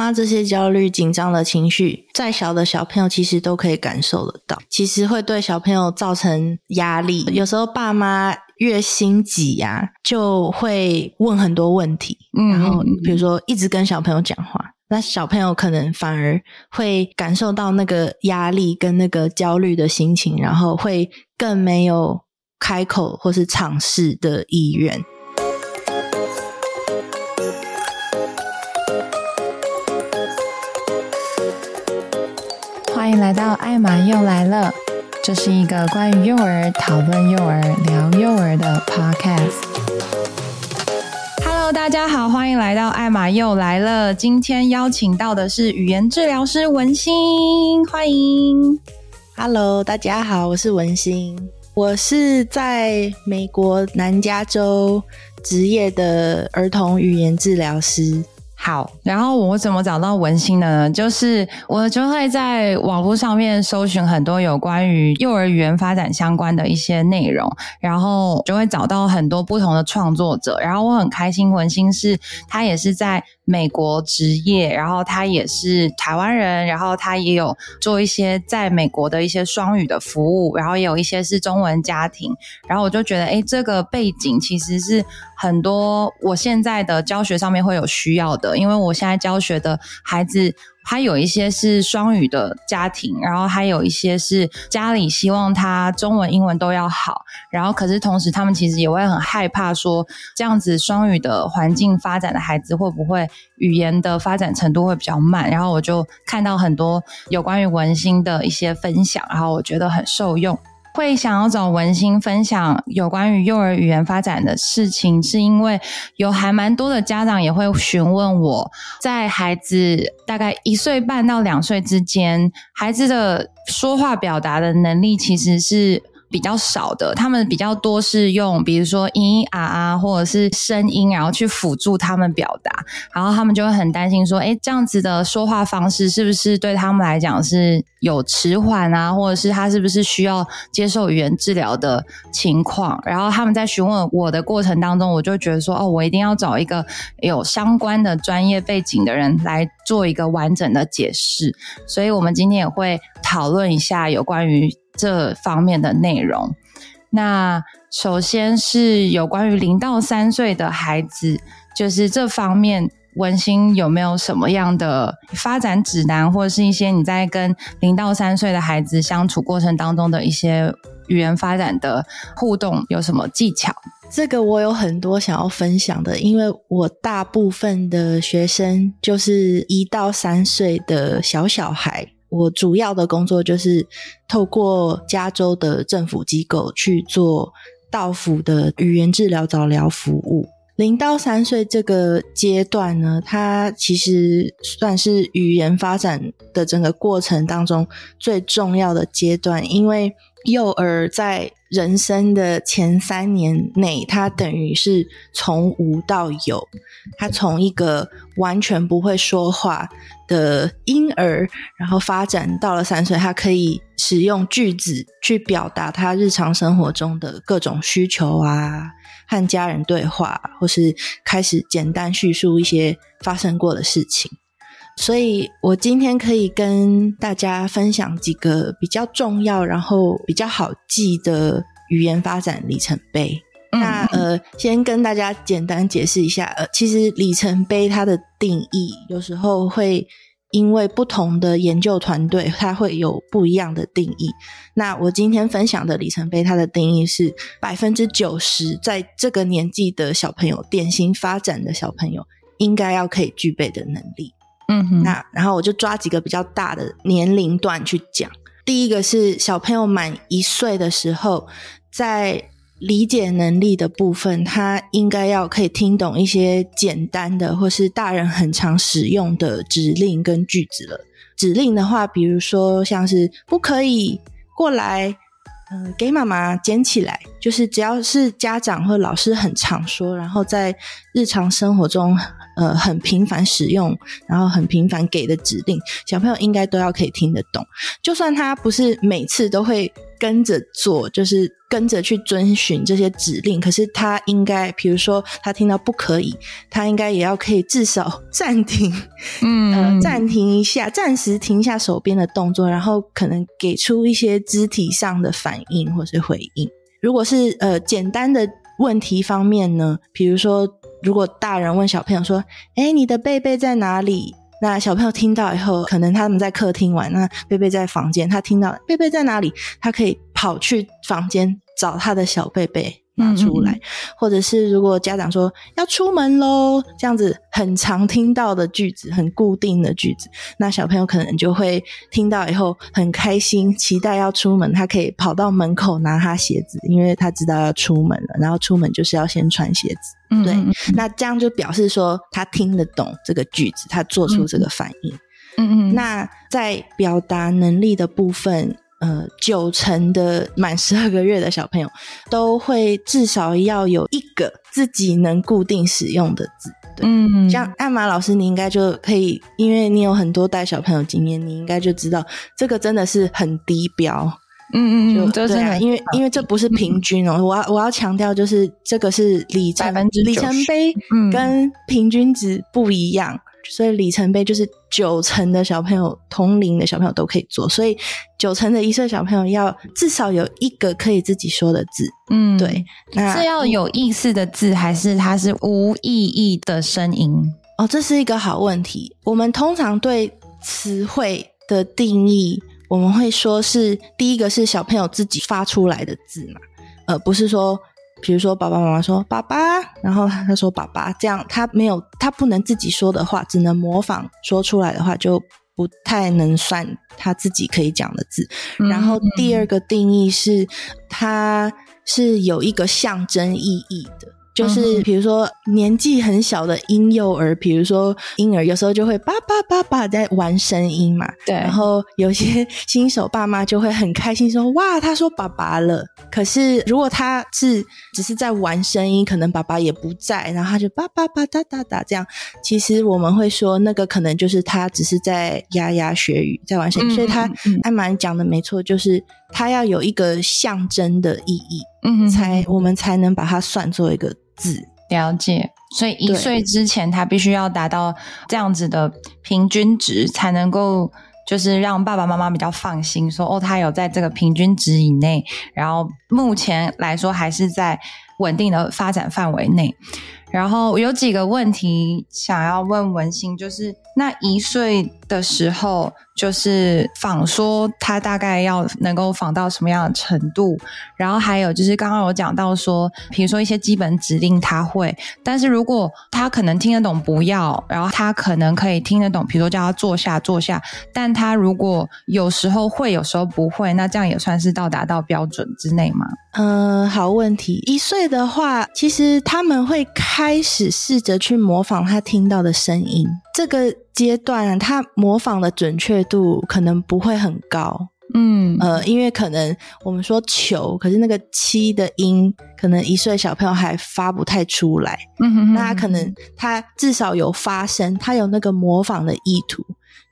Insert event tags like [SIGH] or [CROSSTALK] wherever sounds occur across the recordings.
媽,媽，這些焦慮、緊張的情緒，再小的小朋友其實都可以感受得到。其實會對小朋友造成壓力。有時候爸媽越心急呀、啊，就會問很多問題嗯嗯嗯嗯，然後比如說一直跟小朋友講話，那小朋友可能反而會感受到那個壓力跟那個焦慮的心情，然後會更沒有開口或是嘗試的意願。歡迎來到艾瑪又來了，這是一個關於幼兒討論、幼兒聊幼兒的 podcast。Hello，大家好，歡迎來到艾瑪又來了。今天邀請到的是語言治療師文馨，歡迎。Hello，大家好，我是文馨，我是在美國南加州執業的兒童語言治療師。好，然後我怎麼找到文馨的呢？就是我就會在網絡上面搜尋很多有關於幼兒語言發展相關的一些內容，然後就會找到很多不同的創作者，然後我很開心，文馨是他也是在。美國職業，然後他也是台灣人，然後他也有做一些在美國的一些雙語的服務，然後也有一些是中文家庭，然後我就覺得，誒，這個背景其實是很多我現在的教學上面會有需要的，因為我現在教學的孩子。還有一些是雙語的家庭，然後還有一些是家裡希望他中文、英文都要好，然後可是同時他們其實也會很害怕說這樣子雙語的環境發展的孩子會不會語言的發展程度會比較慢，然後我就看到很多有關於文馨的一些分享，然後我覺得很受用。會想要找文馨分享有關於幼兒語言發展的事情，是因為有還蠻多的家長也會詢問我，在孩子大概一歲半到兩歲之間，孩子的說話表達的能力其實是。比較少的，他們比較多是用，比如說咿啊啊，或者是聲音，然後去輔助他們表達，然後他們就會很擔心說，哎、欸，這樣子的說話方式是不是對他們來講是有遲緩啊，或者是他是不是需要接受語言治療的情況？然後他們在詢問我的過程當中，我就覺得說，哦，我一定要找一個有相關的專業背景的人來做一個完整的解釋，所以我們今天也會討論一下有關於。這方面的內容，那首先是有關於零到三歲的孩子，就是這方面，文馨有沒有什麼樣的發展指南，或者是一些你在跟零到三歲的孩子相處過程當中的一些語言發展的互動有什麼技巧？這個我有很多想要分享的，因為我大部分的學生就是一到三歲的小小孩。我主要的工作就是透過加州的政府機構去做到府的語言治療早療服務。零到三歲這個階段呢，它其實算是語言發展的整個過程當中最重要的階段，因為。幼兒在人生的前三年內，他等於是從無到有，他從一個完全不會說話的嬰兒，然後發展到了三歲，他可以使用句子去表達他日常生活中的各種需求啊，和家人對話，或是開始簡單敘述一些發生過的事情。所以，我今天可以跟大家分享幾個比較重要，然後比較好記的語言發展里程碑。嗯。那呃，先跟大家簡單解釋一下。呃，其實里程碑它的定義，有時候會因為不同的研究團隊，它會有不一樣的定義。那我今天分享的里程碑，它的定義是百分之九十在這個年紀的小朋友，典型發展的小朋友應該要可以具備的能力。嗯哼，那然後我就抓幾個比較大的年齡段去講。第一個是小朋友滿一歲的時候，在理解能力的部分，他應該要可以聽懂一些簡單的或是大人很常使用的指令跟句子了。指令的話，比如說像是“不可以過來”，呃，給媽媽撿起來，就是只要是家長或老師很常說，然後在日常生活中。呃，很頻繁使用，然後很頻繁給的指令，小朋友應該都要可以聽得懂。就算他不是每次都會跟着做，就是跟着去遵循這些指令，可是他應該，比如說他聽到不可以，他應該也要可以至少暫停，嗯，呃，暫停一下，暫時停一下手邊的動作，然後可能給出一些肢體上的反應或是回應。如果是呃簡單的問題方面呢，比如說。如果大人問小朋友說：“哎，你的貝貝在哪裡？”那小朋友聽到以後，可能他們在客廳玩，那貝貝在房間，他聽到貝貝在哪裡，他可以跑去房間找他的小貝貝。拿出來，或者是如果家長說要出門嘍，這樣子很常聽到的句子，很固定的句子，那小朋友可能就會聽到以後很開心，期待要出門，他可以跑到門口拿他鞋子，因為他知道要出門了，然後出門就是要先穿鞋子。對，嗯，那這樣就表示說他聽得懂這個句子，他做出這個反應。嗯嗯，嗯，那在表達能力的部分。呃，九成的滿十二個月的小朋友都會至少要有一個自己能固定使用的字。對。嗯，嗯，像艾瑪老師，你應該就可以，因為你有很多帶小朋友經驗，你應該就知道這個真的是很低標。嗯嗯，嗯，就，這對、啊、因為因為這不是平均哦、喔嗯，我要我要強調就是這個是里程里程碑跟平均值不一樣。嗯所以里程碑，就是九成的小朋友，同齡的小朋友都可以做，所以九成的一歲小朋友要至少有一個可以自己說的字，嗯，對，呃、是要有意思的字還是它是無意義的聲音？嗯。哦，這是一個好問題。我們通常對詞彙的定義，我們會說是第一個是小朋友自己發出來的字嘛，而、呃、不是說。比如說，爸爸媽媽說“爸爸”，然後他說“爸爸”，這樣他沒有他不能自己說的話，只能模仿說出來的話，就不太能算他自己可以講的字。嗯，然後第二個定義是，它是有一個象徵意義的。就是比如說年紀很小的嬰幼兒、嗯，比如說嬰兒，有時候就會爸爸爸爸在玩聲音嘛，對。然後有些新手爸媽就會很開心說：“哇，他說爸爸了。”可是如果他是只是在玩聲音，可能爸爸也不在，然後他就爸爸爸嗒噠噠噠這樣。其實我們會說，那個可能就是他只是在牙牙學語在玩聲音，嗯嗯嗯，所以他艾瑪講的沒錯，就是他要有一個象徵的意義，嗯，才我們才能把它算作一個。子了解。所以一歲之前他必須要達到這樣子的平均值，才能夠就是讓爸爸媽媽比較放心說，說哦，他有在這個平均值以內，然後目前來說還是在穩定的發展範圍內。然後有幾個問題想要問文馨，就是那一歲的時候就是仿說，他大概要能夠仿到什麼樣的程度？然後還有就是剛剛我講到說，比如說一些基本指令他會，但是如果他可能聽得懂不要，然後他可能可以聽得懂，比如說叫他坐下坐下，但他如果有時候會有時候不會，那這樣也算是到達到標準之內嗎？嗯、呃，好問題。一歲的話，其實他們會開始試着去模仿他聽到的聲音，這個。階段，他模仿的準確度可能不會很高。嗯，呃，因為可能我們說“球”，可是那個“七”的音，可能一歲小朋友還發不太出來。嗯哼哼哼。那他可能他至少有發聲，他有那個模仿的意圖，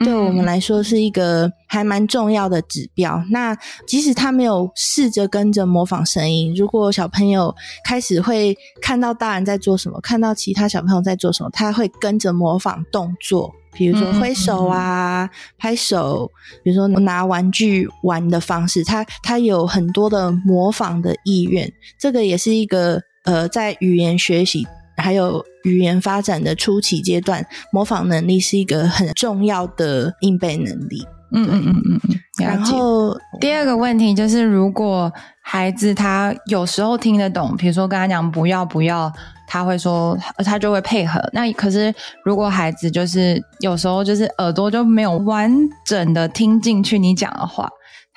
嗯、哼哼。對我們來說是一個還蠻重要的指標。那即使他沒有試着跟着模仿聲音，如果小朋友開始會看到大人在做什麼，看到其他小朋友在做什麼，他會跟着模仿動作。比如說揮手啊、嗯嗯、拍手，比如說拿玩具玩的方式，他他有很多的模仿的意願。這個也是一個呃，在語言學習還有語言發展的初期階段，模仿能力是一個很重要的應變能力。嗯嗯嗯嗯嗯。然後第二個問題就是，如果孩子他有時候聽得懂，比如說跟他講不要不要，他會說他就會配合。那可是如果孩子就是有時候就是耳朵就沒有完整的聽進去你講的話，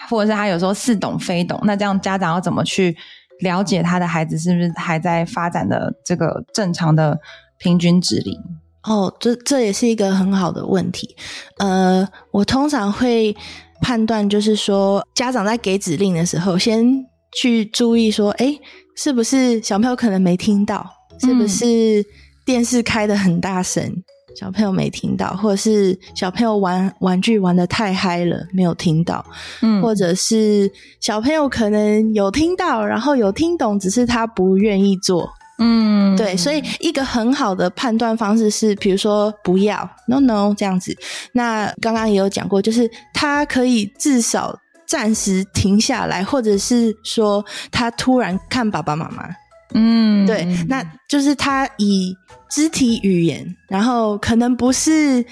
或者是他有時候似懂非懂，那這樣家長要怎麼去了解他的孩子是不是還在發展的這個正常的平均值裡？哦，這這也是一個很好的問題。呃，我通常會判斷，就是說家長在給指令的時候，先去注意說，誒，是不是小朋友可能沒聽到？嗯，是不是電視開得很大聲，小朋友沒聽到？或者是小朋友玩玩具玩得太嗨了，沒有聽到？嗯，或者是小朋友可能有聽到，然後有聽懂，只是他不願意做。嗯，對，所以一個很好的判斷方式是，比如說不要，no，no 這樣子。那剛剛也有講過，就是他可以至少暫時停下來，或者是說他突然看爸爸媽媽。嗯，對，那就是他以肢體語言，然後可能不是。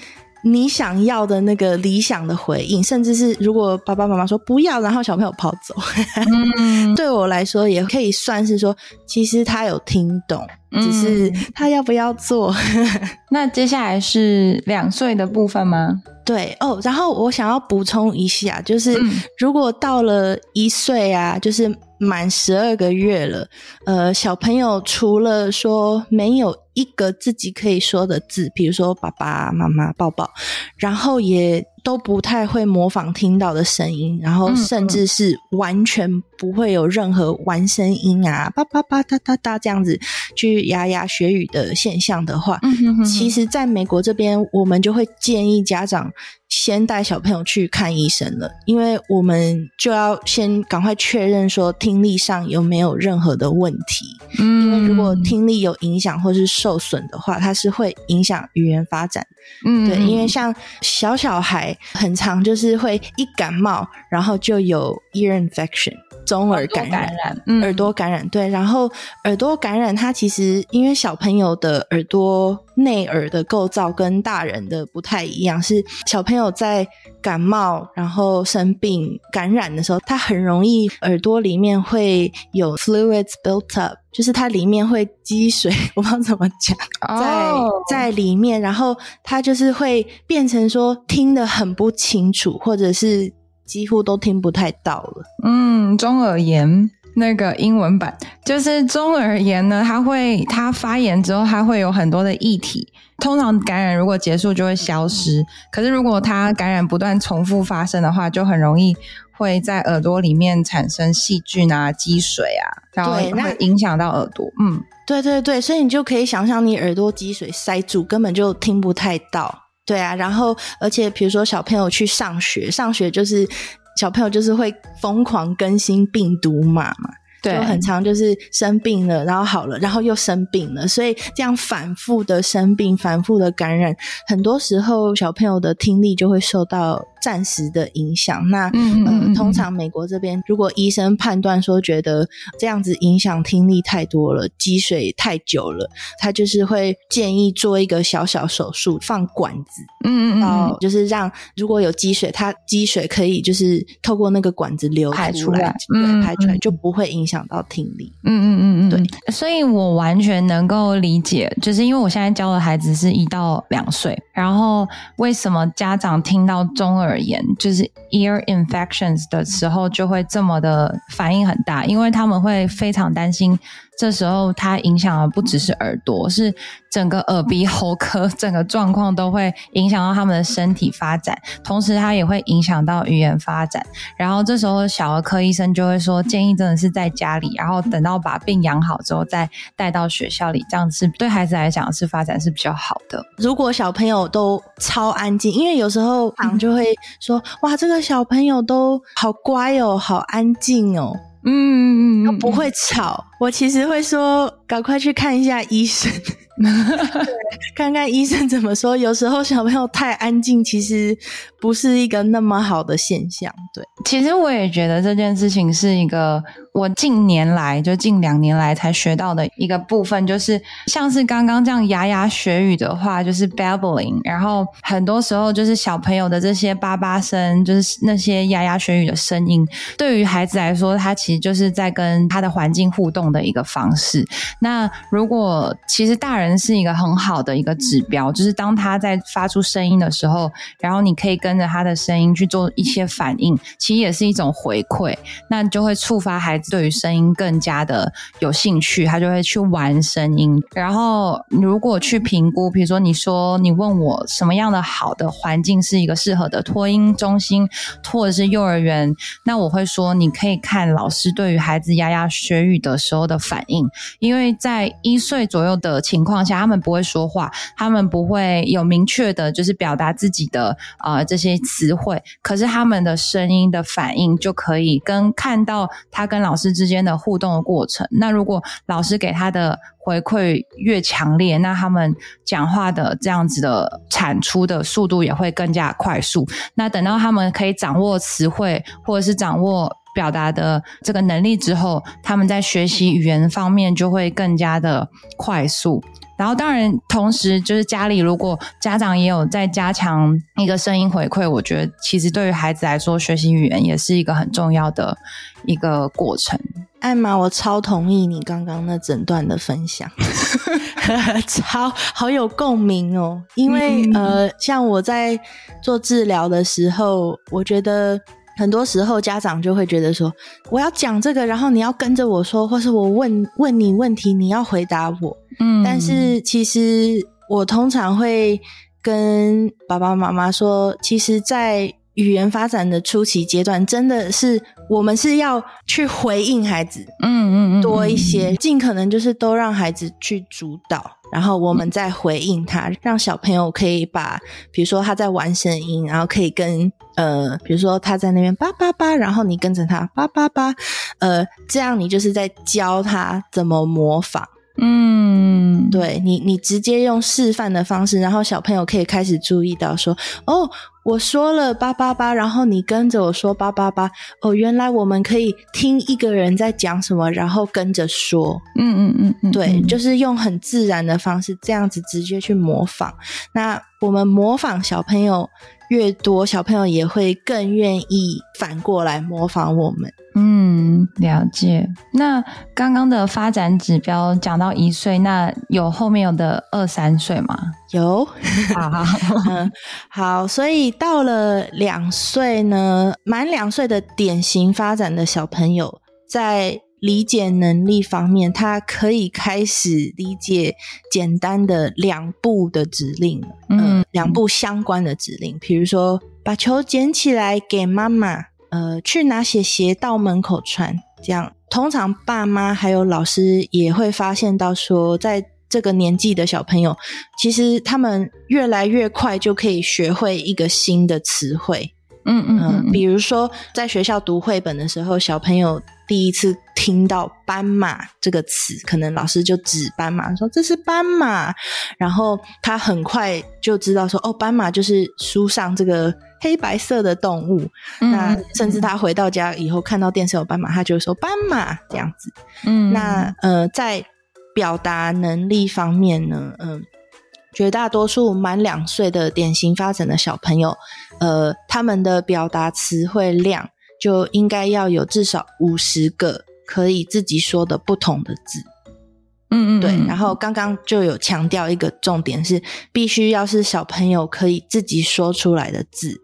你想要的那個理想的回應，甚至是如果爸爸媽媽說不要，然後小朋友跑走， [LAUGHS] 嗯、對我來說也可以算是說，其實他有聽懂、嗯，只是他要不要做。 [LAUGHS] 那接下來是兩歲的部分嗎？對哦，然後我想要補充一下，就是如果到了一歲啊，就是滿十二個月了，呃，小朋友除了說沒有。一個自己可以說的字，比如說爸爸媽媽抱抱，然後也都不太會模仿聽到的聲音，然後甚至是完全不會有任何玩聲音啊，叭叭叭噠噠噠這樣子去牙牙學語的現象的話，嗯哼哼哼，其實在美國這邊，我們就會建議家長先帶小朋友去看醫生了，因為我們就要先趕快確認說聽力上有沒有任何的問題，嗯，因為如果聽力有影響或是說。受損的話，它是會影響語言發展。嗯，對，因為像小小孩，很常就是會一感冒，然後就有 ear infection。中耳感染，耳朵感染，嗯，耳朵感染，對。然後耳朵感染，它其實因為小朋友的耳朵內耳的構造跟大人的不太一樣，是小朋友在感冒然後生病感染的時候，他很容易耳朵裡面會有 fluids built up，就是它裡面會積水，我不知道怎麼講，oh. 在在裡面，然後它就是會變成說聽得很不清楚，或者是。幾乎都聽不太到了。嗯，中耳炎那個英文版就是中耳炎呢，它會它發炎之後，它會有很多的液體。通常感染如果結束就會消失，嗯、可是如果它感染不斷重複發生的話，就很容易會在耳朵裡面產生細菌啊、積水啊，然後會影響到耳朵。嗯對，對對對，所以你就可以想像，你耳朵積水塞住，根本就聽不太到。對啊，然後而且比如說小朋友去上學，上學就是小朋友就是會瘋狂更新病毒嘛嘛，就、對啊、很常就是生病了，然後好了，然後又生病了，所以這樣反復的生病、反復的感染，很多時候小朋友的聽力就會受到暫時的影響。那嗯嗯嗯嗯呃，通常美國這邊，如果醫生判斷說覺得這樣子影響聽力太多了，積水太久了，他就是會建議做一個小小手術，放管子。嗯嗯，嗯，嗯然後就是讓如果有積水，它積水可以就是透過那個管子流排出來，對、嗯嗯嗯，排出來就不會影響到聽力。嗯，嗯嗯嗯，對。所以我完全能夠理解，就是因為我現在教的孩子是一到兩歲，然後為什麼家長聽到中耳。而言，就是 ear infections 的時候就會這麼的反應很大，因為他們會非常擔心。這時候，它影響的不只是耳朵，是整個耳鼻喉科整個狀況都會影響到他們的身體發展，同時它也會影響到語言發展。然後這時候，小兒科醫生就會說，建議真的是在家裡，然後等到把病養好之後，再帶到學校裡，這樣子對孩子來講是發展是比較好的。如果小朋友都超安靜，因為有時候就會說，哇，這個小朋友都好乖哦，好安靜哦。嗯，都不會吵。 [LAUGHS] 我其實會說，趕快去看一下醫生。 [LAUGHS] 對，看看醫生怎麼說。有時候小朋友太安靜，其實不是一個那麼好的現象。對，其實我也覺得這件事情是一個我近年來就近兩年來才學到的一個部分，就是像是剛剛這樣牙牙學語的話，就是 babbling，然後很多時候就是小朋友的這些叭叭聲，就是那些牙牙學語的聲音，對於孩子來說，他其實就是在跟他的環境互動的一個方式。那如果其實大人。是一個很好的一個指標，就是當他在發出聲音的時候，然後你可以跟着他的聲音去做一些反應，其實也是一種回饋，那就會觸發孩子對於聲音更加的有興趣，他就會去玩聲音。然後如果去評估，比如說你說你問我什麼樣的好的環境是一個適合的托嬰中心或者是幼兒園，那我會說你可以看老師對於孩子牙牙學語的時候的反應，因為在一歲左右的情況。而且他們不會說話，他們不會有明確的，就是表達自己的啊、呃、這些詞彙。可是他們的聲音的反應就可以跟看到他跟老師之間的互動的過程。那如果老師給他的回饋越強烈，那他們講話的這樣子的產出的速度也會更加快速。那等到他們可以掌握詞彙，或者是掌握。表達的這個能力之後，他們在學習語言方面就會更加的快速。然後，當然，同時就是家裡如果家長也有在加強一個聲音回饋，我覺得其實對於孩子來說，學習語言也是一個很重要的一個過程。艾瑪，我超同意你剛剛那整段的分享， [LAUGHS] [LAUGHS] 超好有共鳴哦。因為嗯嗯嗯呃，像我在做治療的時候，我覺得。很多時候，家長就會覺得說：“我要講這個，然後你要跟着我說，或是我問問你問題，你要回答我。”嗯，但是其實我通常會跟爸爸媽媽說，其實，在語言發展的初期階段，真的是我們是要去回應孩子，嗯嗯，嗯，嗯，多一些，盡可能就是都讓孩子去主導。然後我們再回應他，讓小朋友可以把，比如說他在玩聲音，然後可以跟，呃，比如說他在那邊叭叭叭，然後你跟着他叭叭叭，呃，這樣你就是在教他怎麼模仿。嗯，對，你，你直接用示範的方式，然後小朋友可以開始注意到說，哦，我說了八八八，然後你跟着我說八八八，哦，原來我們可以聽一個人在講什麼，然後跟着說，嗯嗯，嗯嗯嗯，對，就是用很自然的方式，這樣子直接去模仿。那我們模仿小朋友。越多小朋友也會更願意反過來模仿我們。嗯，了解。那剛剛的發展指標講到一歲，那有後面有的二三歲嗎？有 [LAUGHS] 好，好，好，， [LAUGHS] 嗯，好。所以到了兩歲呢，滿兩歲的典型發展的小朋友在。理解能力方面，他可以開始理解簡單的兩步的指令，嗯，呃，兩步相關的指令，比如說把球撿起來給媽媽，呃，去拿些鞋鞋到門口穿。這樣，通常爸媽還有老師也會發現到說，在這個年紀的小朋友，其實他們越來越快就可以學會一個新的詞彙。嗯，嗯，嗯、呃、比如說在學校讀繪本的時候，小朋友第一次聽到“斑馬”這個詞，可能老師就指斑馬說：“這是斑馬。”然後他很快就知道說：“哦，斑馬就是書上這個黑白色的動物。嗯”那甚至他回到家以後看到電視有斑馬，他就會說：“斑馬。”這樣子。嗯，那呃，在表達能力方面呢，嗯、呃。絕大多數滿兩歲的典型發展的小朋友，呃，他們的表達詞彙量就應該要有至少五十個可以自己說的不同的字。嗯，嗯嗯，對。然後剛剛就有強調一個重點是，是必須要是小朋友可以自己說出來的字。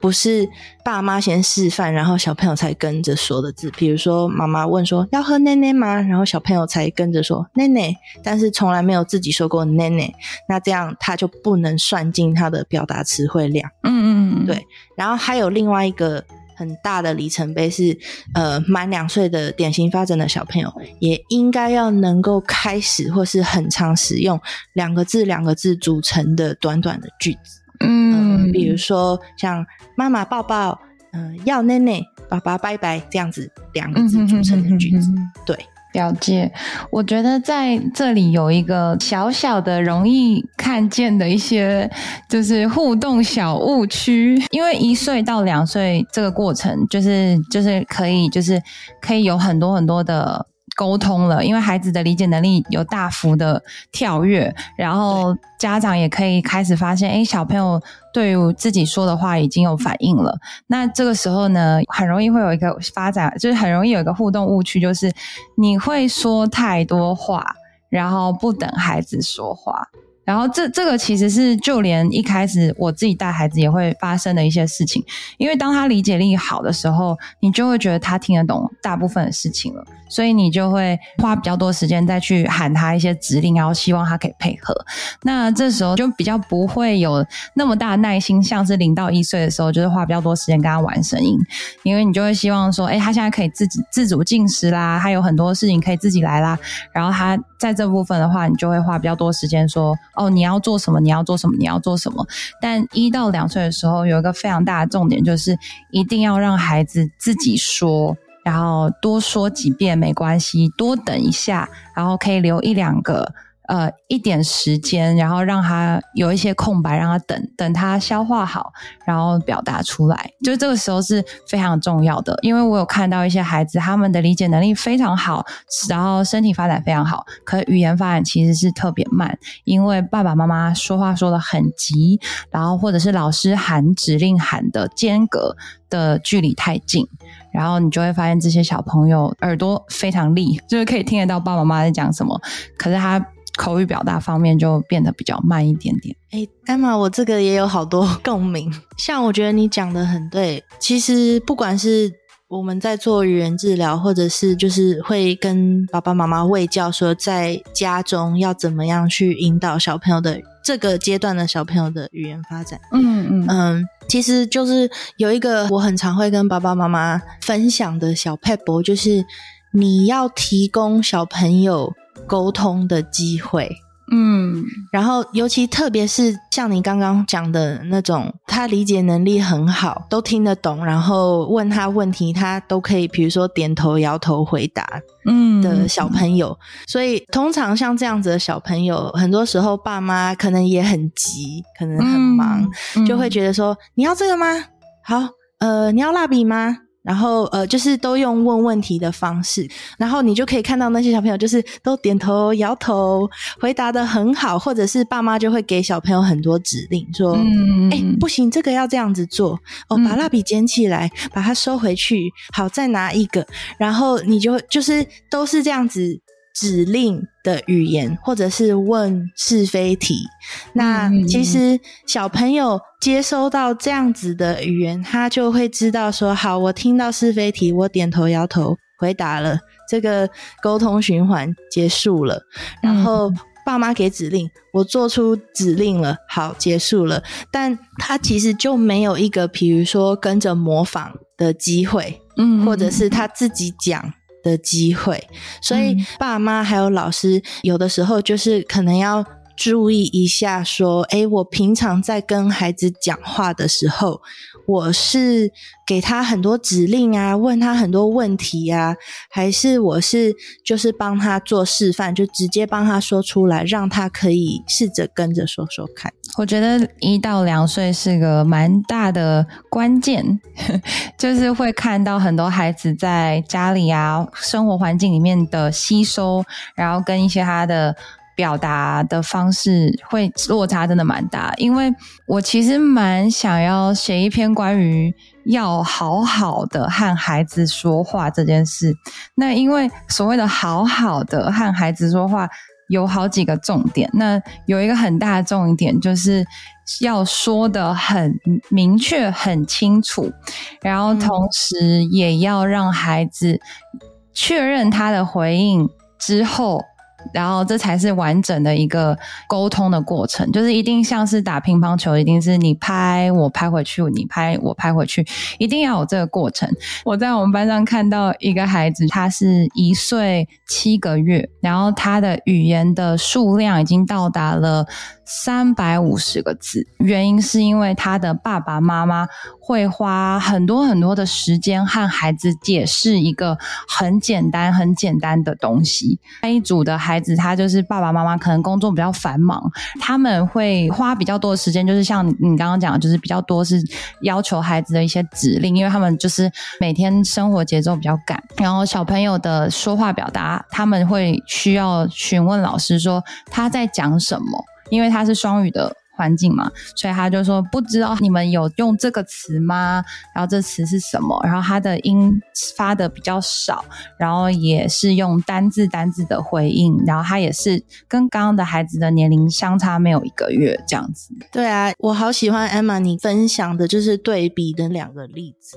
不是爸媽先示範，然後小朋友才跟着說的字。比如說，媽媽問說要喝奶奶嗎？然後小朋友才跟着說奶奶，但是從來沒有自己說過奶奶。那這樣他就不能算進他的表達詞彙量。嗯嗯嗯，對。然後還有另外一個很大的里程碑是，呃，滿兩歲的典型發展的小朋友也應該要能夠開始或是很常使用兩個字兩個字組成的短短的句子。嗯、呃，比如說像媽媽抱抱，嗯、呃，要奶奶，爸爸拜拜這樣子兩個字組成的句子，嗯、哼哼哼哼哼哼對，了解。我覺得在這裡有一個小小的容易看見的一些就是互動小誤區，因為一歲到兩歲這個過程，就是就是可以就是可以有很多很多的。溝通了，因為孩子的理解能力有大幅的跳躍，然後家長也可以開始發現，誒，小朋友對於自己說的話已經有反應了。那這個時候呢，很容易會有一個發展，就是很容易有一個互動誤區，就是你會說太多話，然後不等孩子說話。然後這這個其實是就連一開始我自己帶孩子也會發生的一些事情，因為當他理解力好的時候，你就會覺得他聽得懂大部分的事情了，所以你就會花比較多時間再去喊他一些指令，然後希望他可以配合。那這時候就比較不會有那麼大的耐心，像是零到一歲的時候，就是花比較多時間跟他玩聲音，因為你就會希望說，欸，他現在可以自己自主進食啦，他有很多事情可以自己來啦，然後他在這部分的話，你就會花比較多時間說。哦，你要做什麼？你要做什麼？你要做什麼？但一到兩歲的時候，有一個非常大的重點，就是一定要讓孩子自己說，然後多說幾遍沒關係，多等一下，然後可以留一兩個。呃，一點時間，然後讓他有一些空白，讓他等等他消化好，然後表達出來，就這個時候是非常重要的。因為我有看到一些孩子，他們的理解能力非常好，然後身體發展非常好，可語言發展其實是特別慢，因為爸爸媽媽說話說得很急，然後或者是老師喊指令喊的間隔的距離太近，然後你就會發現這些小朋友耳朵非常利，就是可以聽得到爸爸媽媽在講什麼，可是他。口語表達方面就變得比較慢一點點。誒，Emma，我這個也有好多共鳴。像我覺得你講的很對，其實不管是我們在做語言治療，或者是就是會跟爸爸媽媽衛教，說在家中要怎麼樣去引導小朋友的這個階段的小朋友的語言發展。嗯嗯嗯，其實就是有一個我很常會跟爸爸媽媽分享的小撇步，就是你要提供小朋友，溝通的機會，嗯，然後尤其特別是像你剛剛講的那種，他理解能力很好，都聽得懂，然後問他問題，他都可以，比如說點頭、搖頭回答，嗯，的小朋友，嗯，所以通常像這樣子的小朋友，很多時候爸媽可能也很急，可能很忙，嗯嗯，就會覺得說你要這個嗎？好，呃，你要蠟筆嗎？然後，呃，就是都用問問題的方式，然後你就可以看到那些小朋友，就是都點頭搖頭，回答得很好，或者是爸媽就會給小朋友很多指令，說：“哎，嗯，欸，不行，這個要這樣子做哦，把蠟筆撿起來、嗯，把它收回去，好，再拿一個。”然後你就就是都是這樣子。指令的語言，或者是問是非題。那其實小朋友接收到這樣子的語言，他就會知道說：好，我聽到是非題，我點頭搖頭回答了，這個溝通循環結束了。然後爸媽給指令，我做出指令了，好，結束了。但他其實就沒有一個，譬如說跟着模仿的機會，嗯，或者是他自己講。的機會，所以爸媽還有老師，有的時候就是可能要注意一下，說，誒，我平常在跟孩子講話的時候。我是給他很多指令啊，問他很多問題啊，還是我是就是幫他做示範，就直接幫他說出來，讓他可以試着跟着說說看。我覺得一到兩歲是個蠻大的關鍵，就是會看到很多孩子在家裡啊，生活環境裡面的吸收，然後跟一些他的。表達的方式會落差真的蠻大，因為我其實蠻想要寫一篇關於要好好的和孩子說話這件事。那因為所謂的“好好的和孩子說話”有好幾個重點，那有一個很大的重點就是要說的很明確、很清楚，然後同時也要讓孩子確認他的回應之後。然後這才是完整的一個溝通的過程，就是一定像是打乒乓球，一定是你拍我拍回去，你拍我拍回去，一定要有這個過程。我在我們班上看到一個孩子，他是一歲七個月，然後他的語言的數量已經到達了。三百五十個字，原因是因為他的爸爸媽媽會花很多很多的時間和孩子解釋一個很簡單很簡單的東西。那一組的孩子，他就是爸爸媽媽可能工作比較繁忙，他們會花比較多的時間，就是像你剛剛講的，就是比較多是要求孩子的一些指令，因為他們就是每天生活節奏比較趕，然後小朋友的說話表達，他們會需要詢問老師說他在講什麼。因為他是雙語的環境嘛，所以他就說，不知道你們有用這個詞嗎？然後這詞是什麼？然後他的音發的比較少，然後也是用單字單字的回應，然後他也是跟剛剛的孩子的年齡相差沒有一個月這樣子。對啊，我好喜歡 Emma，你分享的就是對比的兩個例子。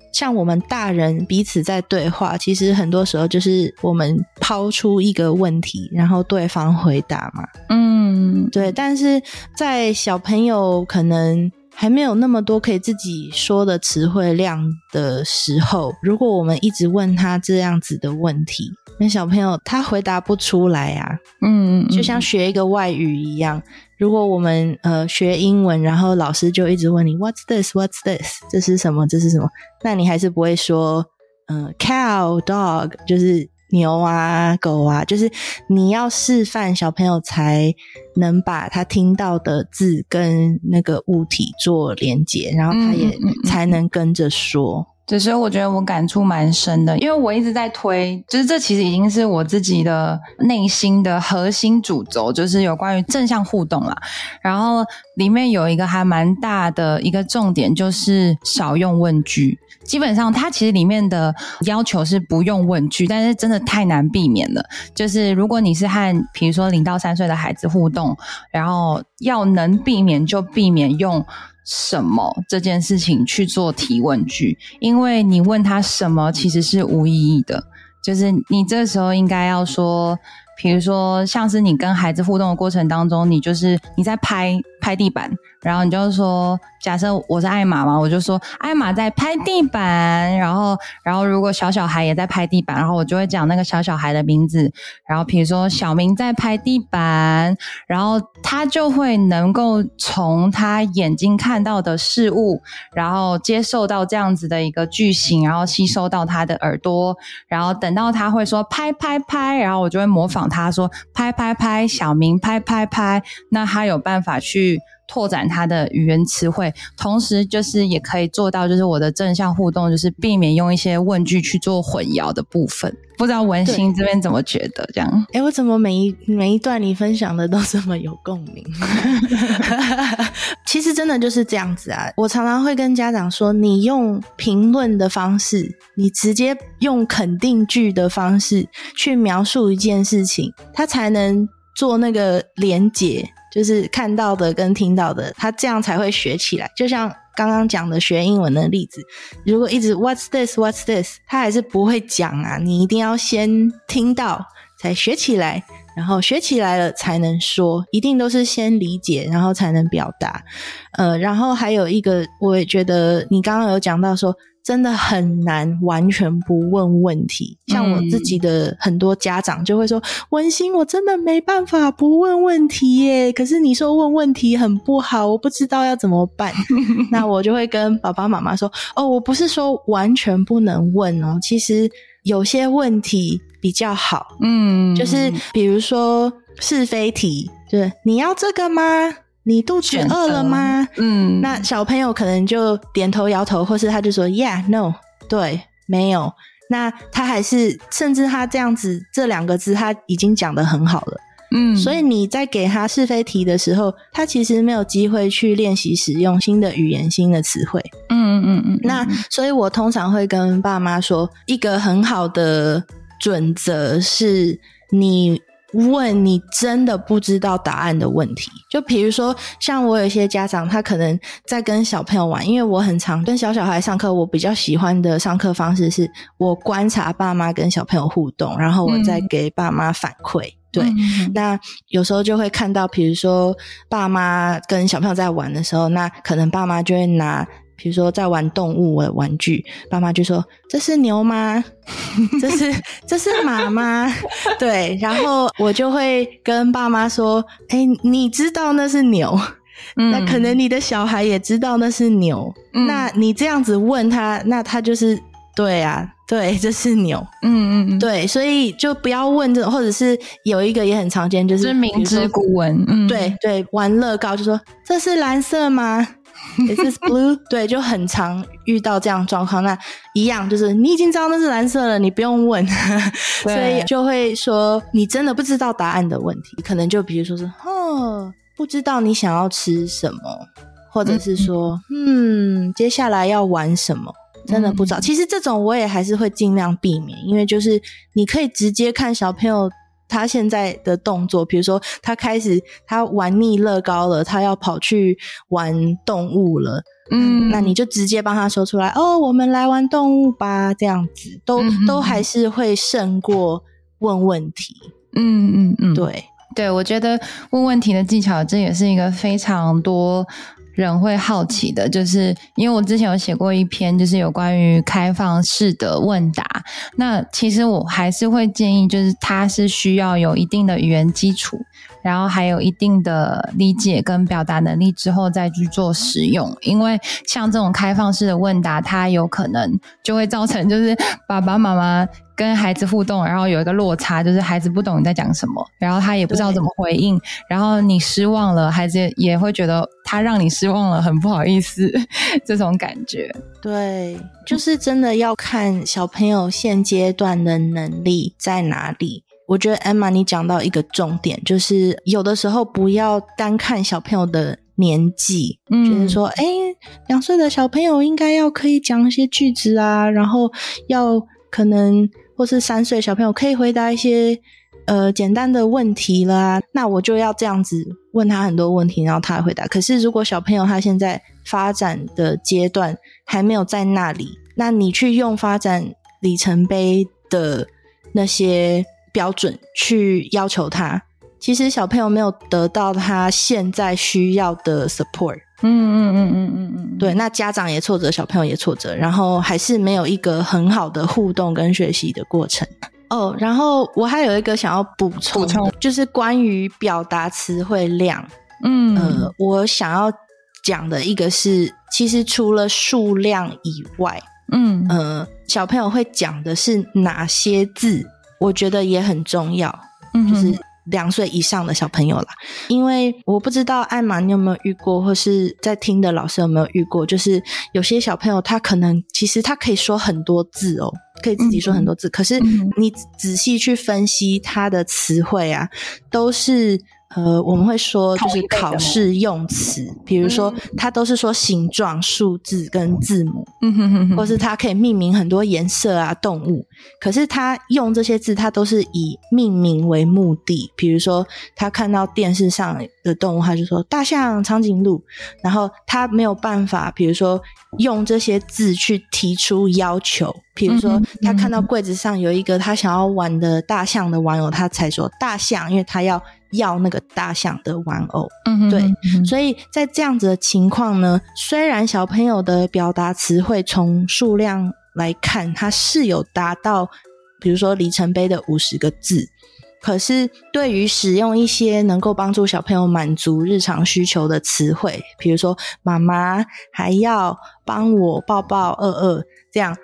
像我們大人彼此在對話，其實很多時候就是我們拋出一個問題，然後對方回答嘛。嗯，對。但是在小朋友可能還沒有那麼多可以自己說的詞彙量的時候，如果我們一直問他這樣子的問題，那小朋友他回答不出來啊。嗯，就像學一個外語一樣。如果我們呃學英文，然後老師就一直問你 "What's this? What's this? 這是什麼？這是什麼？"，那你還是不會說嗯、呃，cow、dog，就是牛啊、狗啊，就是你要示範小朋友才能把他聽到的字跟那個物體做連接，然後他也才能跟着說。 [LAUGHS] 其實我覺得我感觸蠻深的，因為我一直在推，就是這其實已經是我自己的內心的核心主軸，就是有關於正向互動啦。然後裡面有一個還蠻大的一個重點，就是少用問句。基本上它其實裡面的要求是不用問句，但是真的太難避免了。就是如果你是和比如說零到三歲的孩子互動，然後要能避免就避免用。什麼這件事情去做提問句？因為你問他什麼其實是無意義的，就是你這時候應該要說，比如說，像是你跟孩子互動的過程當中，你就是你在拍拍地板，然後你就說，假設我是艾瑪嘛，我就說艾瑪在拍地板，然後，然後如果小小孩也在拍地板，然後我就會講那個小小孩的名字，然後譬如說小明在拍地板，然後他就會能夠從他眼睛看到的事物，然後接受到這樣子的一個句型，然後吸收到他的耳朵，然後等到他會說拍拍拍，然後我就會模仿他說拍拍拍，小明拍拍拍，那他有辦法去。拓展他的語言詞彙，同時就是也可以做到，就是我的正向互動，就是避免用一些問句去做混淆的部分。不知道文馨這邊怎麼覺得這樣？哎、欸，我怎麼每一每一段你分享的都這麼有共鳴？ [LAUGHS] [LAUGHS] [LAUGHS] 其實真的就是這樣子啊！我常常會跟家長說，你用評論的方式，你直接用肯定句的方式去描述一件事情，他才能做那個連結。就是看到的跟聽到的，他這樣才會學起來。就像剛剛講的學英文的例子，如果一直 What's this? What's this? 他還是不會講啊。你一定要先聽到才學起來。然後學起來了才能說，一定都是先理解，然後才能表達。呃，然後還有一個，我也覺得你剛剛有講到說，真的很難完全不問問題。像我自己的很多家長就會說：“嗯、文馨，我真的沒辦法不問問題耶。”可是你說問問題很不好，我不知道要怎麼辦。 [LAUGHS] 那我就會跟爸爸媽媽說：“哦，我不是說完全不能問哦，其實有些問題。”比較好，嗯，就是比如說是非題，嗯、就是你要這個嗎？你肚子餓了嗎？嗯，那小朋友可能就點頭搖頭，或是他就說 Yeah，No，對，沒有。那他還是甚至他這樣子這兩個字他已經講得很好了，嗯，所以你在給他是非題的時候，他其實沒有機會去練習使用新的語言、新的詞彙，嗯嗯嗯嗯。那所以我通常會跟爸媽說，一個很好的。準則是你問你真的不知道答案的問題，就比如說像我有些家長，他可能在跟小朋友玩，因為我很常跟小小孩上課，我比較喜歡的上課方式是我觀察爸媽跟小朋友互動，然後我再給爸媽反饋，嗯。對。嗯，那有時候就會看到，比如說爸媽跟小朋友在玩的時候，那可能爸媽就會拿。比如說，在玩動物玩具，爸媽就說：“這是牛嗎？ [LAUGHS] 這是這是馬嗎？” [LAUGHS] 對，然後我就會跟爸媽說：“哎、欸，你知道那是牛、嗯？那可能你的小孩也知道那是牛。嗯、那你這樣子問他，那他就是對啊，對，這是牛。嗯嗯嗯，對，所以就不要問這種，或者是有一個也很常見，就是明知故問。嗯，對對，玩樂高就說：“這是藍色嗎？” [LAUGHS] It is this blue？ [LAUGHS] 對，就很常遇到這樣的狀況。那一樣就是你已經知道那是藍色了，你不用問， [LAUGHS] 所以就會說你真的不知道答案的問題。可能就比如說是，哦，不知道你想要吃什麼，或者是說，嗯，嗯接下來要玩什麼，真的不知道，嗯。其實這種我也還是會盡量避免，因為就是你可以直接看小朋友。他現在的動作，比如說他開始他玩膩樂高了，他要跑去玩動物了，嗯，那你就直接幫他說出來，哦，我們來玩動物吧，這樣子都嗯嗯嗯都還是會勝過問問題，嗯嗯嗯，對對，我覺得問問題的技巧，這也是一個非常多人會好奇的，就是因為我之前有寫過一篇，就是有關於開放式的問答。那其實我還是會建議，就是它是需要有一定的語言基礎。然後還有一定的理解跟表達能力之後再去做使用，因為像這種開放式的問答，它有可能就會造成就是爸爸媽媽跟孩子互動，然後有一個落差，就是孩子不懂你在講什麼，然後他也不知道怎麼回應，然後你失望了，孩子也會覺得他讓你失望了，很不好意思這種感覺。對，就是真的要看小朋友現階段的能力在哪裡。我覺得 Emma，你講到一個重點，就是有的時候不要單看小朋友的年紀，嗯，就是說，哎，欸，兩歲的小朋友應該要可以講一些句子啊，然後要可能或是三歲小朋友可以回答一些呃簡單的問題啦。那我就要這樣子問他很多問題，然後他回答。可是如果小朋友他現在發展的階段還沒有在那裡，那你去用發展里程碑的那些。標準去要求他，其實小朋友沒有得到他現在需要的 support 嗯。嗯嗯嗯嗯嗯嗯，對，那家長也挫折，小朋友也挫折，然後還是沒有一個很好的互動跟學習的過程。哦、oh，然後我還有一個想要補充的，補充，就是關於表達詞彙量。嗯，呃，我想要講的一個是，其實除了數量以外，嗯呃，小朋友會講的是哪些字？我覺得也很重要，就是兩歲以上的小朋友啦、嗯。因為我不知道艾瑪你有沒有遇過，或是在聽的老師有沒有遇過，就是有些小朋友他可能其實他可以說很多字哦，可以自己說很多字，嗯、可是你仔細去分析他的詞彙啊，都是。呃，我們會說就是考試用詞，比如說他都是說形狀、數字跟字母，嗯哼哼哼哼，或是他可以命名很多顏色啊、動物。可是他用這些字，他都是以命名為目的。比如說他看到電視上的動物，他就說大象、長頸鹿。然後他沒有辦法，比如說用這些字去提出要求。比如說他看到櫃子上有一個他想要玩的大象的玩偶，他才說大象，因為他要。要那個大象的玩偶，嗯哼，對，嗯哼，所以在這樣子的情況呢，雖然小朋友的表達詞彙從數量來看，他是有達到，比如說里程碑的五十個字，可是對於使用一些能夠幫助小朋友滿足日常需求的詞彙，比如說媽媽還要幫我抱抱二二，餓餓這樣。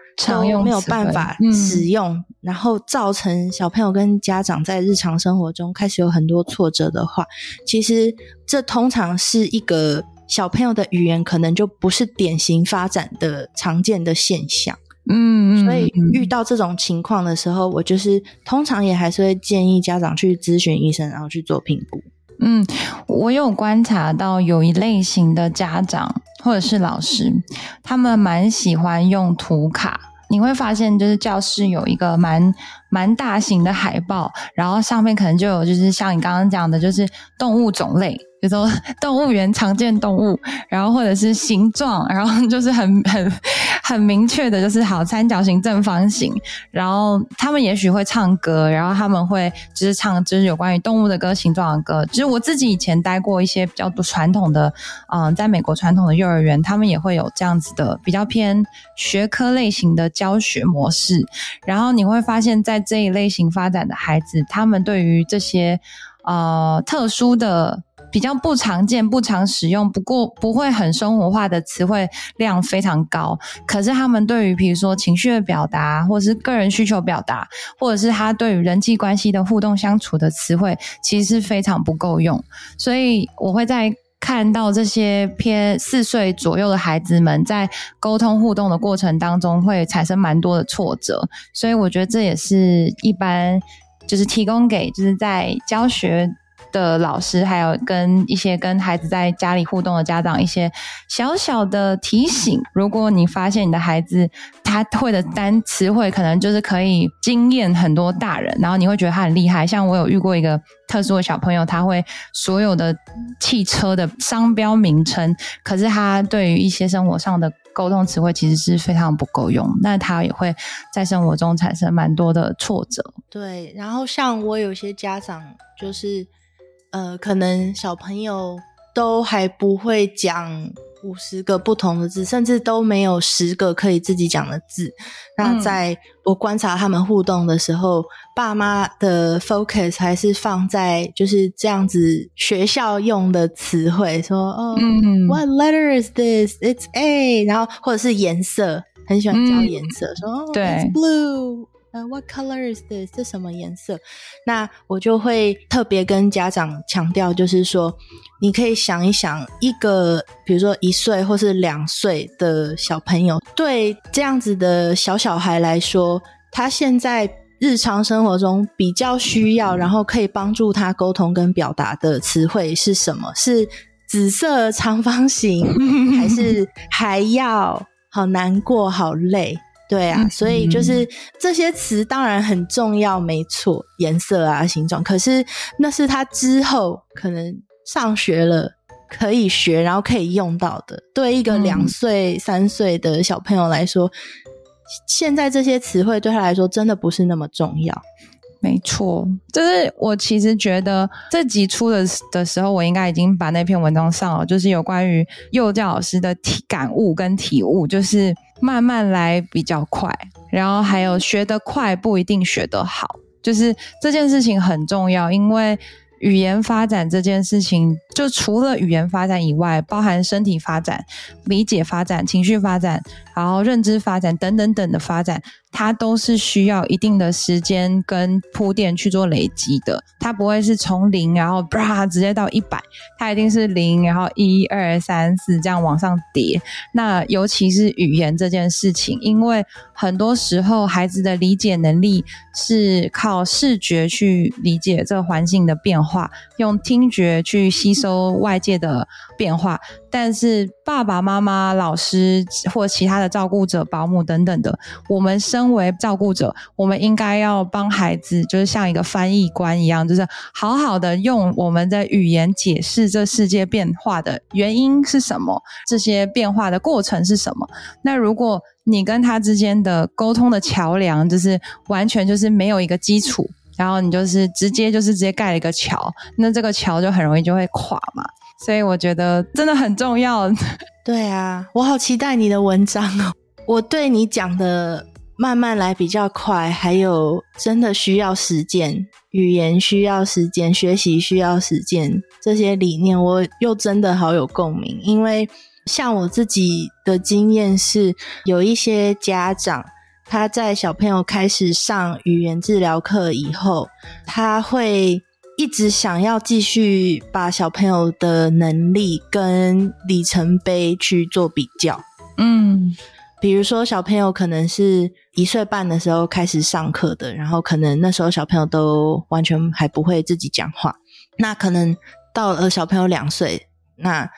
都沒有辦法使用，用、嗯，然後造成小朋友跟家長在日常生活中開始有很多挫折的話，其實這通常是一個小朋友的語言可能就不是典型發展的常見的現象。嗯，嗯，嗯，嗯，所以遇到這種情況的時候，我就是通常也還是會建議家長去諮詢醫生，然後去做評估。嗯，我有觀察到有一類型的家長或者是老師，他們蠻喜歡用圖卡。你會發現，就是教室有一個蠻蠻大型的海報，然後上面可能就有，就是像你剛剛講的，就是動物種類，比如說動物園常見動物，然後或者是形狀，然後就是很很。很明確的就是好，好三角形、正方形，然後他們也許會唱歌，然後他們會就是唱就是有關於動物的歌、形狀的歌。其實我自己以前待過一些比較傳統的，嗯、呃，在美國傳統的幼兒園，他們也會有這樣子的比較偏學科類型的教學模式。然後你會發現在這一類型發展的孩子，他們對於這些呃特殊的。比較不常見、不常使用，不過不會很生活化的詞彙量非常高。可是他們對於比如說情緒的表達，或者是個人需求表達，或者是他對於人際關係的互動相處的詞彙，其實是非常不夠用。所以我會在看到這些偏四歲左右的孩子們在溝通互動的過程當中，會產生蠻多的挫折。所以我覺得這也是一般就是提供給就是在教學。的老師，還有跟一些跟孩子在家裡互動的家長一些小小的提醒：如果你發現你的孩子，他會的單詞彙，可能就是可以驚豔很多大人，然後你會覺得他很厲害。像我有遇過一個特殊的小朋友，他會所有的汽車的商標名稱，可是他對於一些生活上的溝通詞彙其實是非常不夠用，那他也會在生活中產生蠻多的挫折。對，然後像我有些家長就是。呃，可能小朋友都還不會講五十個不同的字，甚至都沒有十個可以自己講的字，嗯。那在我觀察他們互動的時候，爸媽的 focus 還是放在就是這樣子學校用的詞彙，說哦嗯嗯，What letter is this? It's A。然後或者是顏色，很喜歡教顏色，嗯，說哦，對 it's blue。What color is this? 這是什麼顏色？那我就會特別跟家長強調，就是說，你可以想一想，一個比如說一歲或是兩歲的小朋友，對這樣子的小小孩來說，他現在日常生活中比較需要，然後可以幫助他溝通跟表達的詞彙是什麼？是紫色長方形，還是還要好難過、好累？對啊、嗯，所以就是這些詞當然很重要，沒錯，顏色啊、形狀，可是那是他之後可能上學了可以學，然後可以用到的。對一個兩歲、嗯、三歲的小朋友來說，現在這些詞彙對他來說真的不是那麼重要。沒錯，就是我其實覺得這集出的的時候，我應該已經把那篇文章上了。就是有關於幼教老師的體感悟跟體悟，就是。慢慢來比較快，然後還有學得快不一定學得好，就是這件事情很重要，因為語言發展這件事情，就除了語言發展以外，包含身體發展、理解發展、情緒發展，然後認知發展等等等等的發展。它都是需要一定的時間跟鋪墊去做累積的，它不會是從零然後，呃，直接到一百，它一定是零然後一二三四這樣往上疊。那尤其是語言這件事情，因為很多時候孩子的理解能力是靠視覺去理解這個環境的變化，用聽覺去吸收外界的變化。但是爸爸媽媽、老師或其他的照顧者、保姆等等的，我們身為照顧者，我們應該要幫孩子，就是像一個翻譯官一樣，就是好好的用我們的語言解釋這世界變化的原因是什麼，這些變化的過程是什麼。那如果你跟他之間的溝通的橋梁，就是完全就是沒有一個基礎，然後你就是直接就是直接蓋了一個橋，那這個橋就很容易就會垮嘛。所以我覺得真的很重要。對啊，我好期待你的文章哦。我對你講的慢慢來比較快，還有真的需要時間，語言需要時間，學習需要時間，這些理念我又真的好有共鳴。因為像我自己的經驗是，有一些家長他在小朋友開始上語言治療課以後，他會。一直想要繼續把小朋友的能力跟里程碑去做比較，嗯，比如說小朋友可能是一歲半的時候開始上課的，然後可能那時候小朋友都完全還不會自己講話，那可能到了小朋友兩歲，那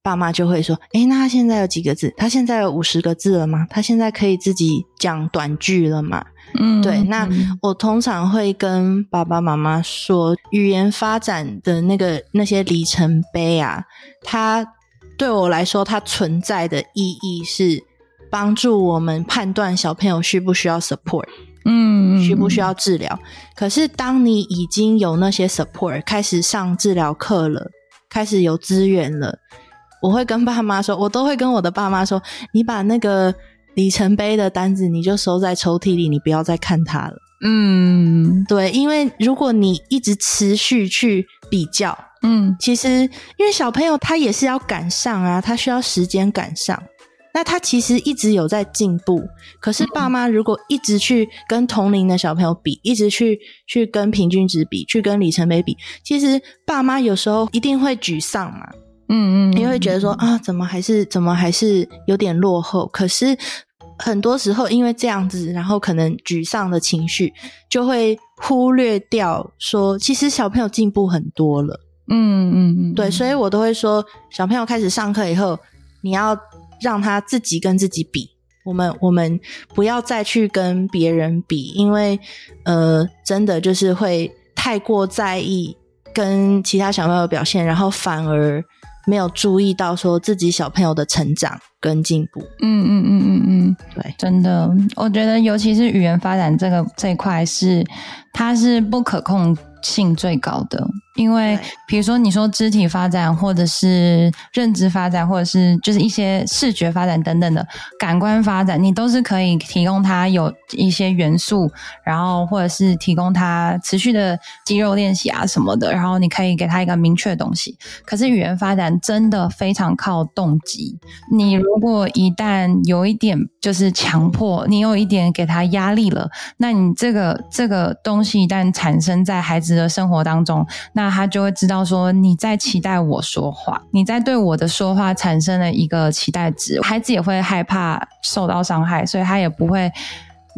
爸媽就會說，欸，那他現在有幾個字？他現在有五十個字了嗎？他現在可以自己講短句了嗎？嗯，對，那我通常會跟爸爸媽媽說，語言發展的那個那些里程碑啊，它對我來說，它存在的意義是幫助我們判斷小朋友需不需要 support，嗯，需不需要治療，嗯。可是當你已經有那些 support，開始上治療課了，開始有資源了，我會跟爸媽說，我都會跟我的爸媽說，你把那個。里程碑的單子，你就收在抽屜裡，你不要再看它了。嗯，對，因為如果你一直持續去比較，嗯，其實因為小朋友他也是要趕上啊，他需要時間趕上。那他其實一直有在進步，可是爸媽如果一直去跟同齡的小朋友比，嗯、一直去去跟平均值比，去跟里程碑比，其實爸媽有時候一定會沮喪嘛。嗯嗯，嗯，因為覺得說啊，怎麼還是怎麼還是有點落後，可是。很多時候，因為這樣子，然後可能沮喪的情緒就會忽略掉說，說其實小朋友進步很多了，嗯嗯嗯，對，所以我都會說，小朋友開始上課以後，你要讓他自己跟自己比。我們我們不要再去跟別人比，因為呃，真的就是會太過在意跟其他小朋友的表現，然後反而。沒有注意到說自己小朋友的成長跟進步嗯。嗯嗯嗯嗯嗯，對，真的，我覺得尤其是語言發展這個這一塊是，是它是不可控性最高的。因為，比如說你說肢體發展，或者是認知發展，或者是就是一些視覺發展等等的感官發展，你都是可以提供他有一些元素，然後或者是提供他持續的肌肉練習啊什麼的，然後你可以給他一個明確的東西。可是語言發展真的非常靠動機。你如果一旦有一點就是強迫，你有一點給他壓力了，那你這個這個東西一旦產生在孩子的生活當中，那他就會知道說，你在期待我說話，你在對我的說話產生了一個期待值。孩子也會害怕受到傷害，所以他也不會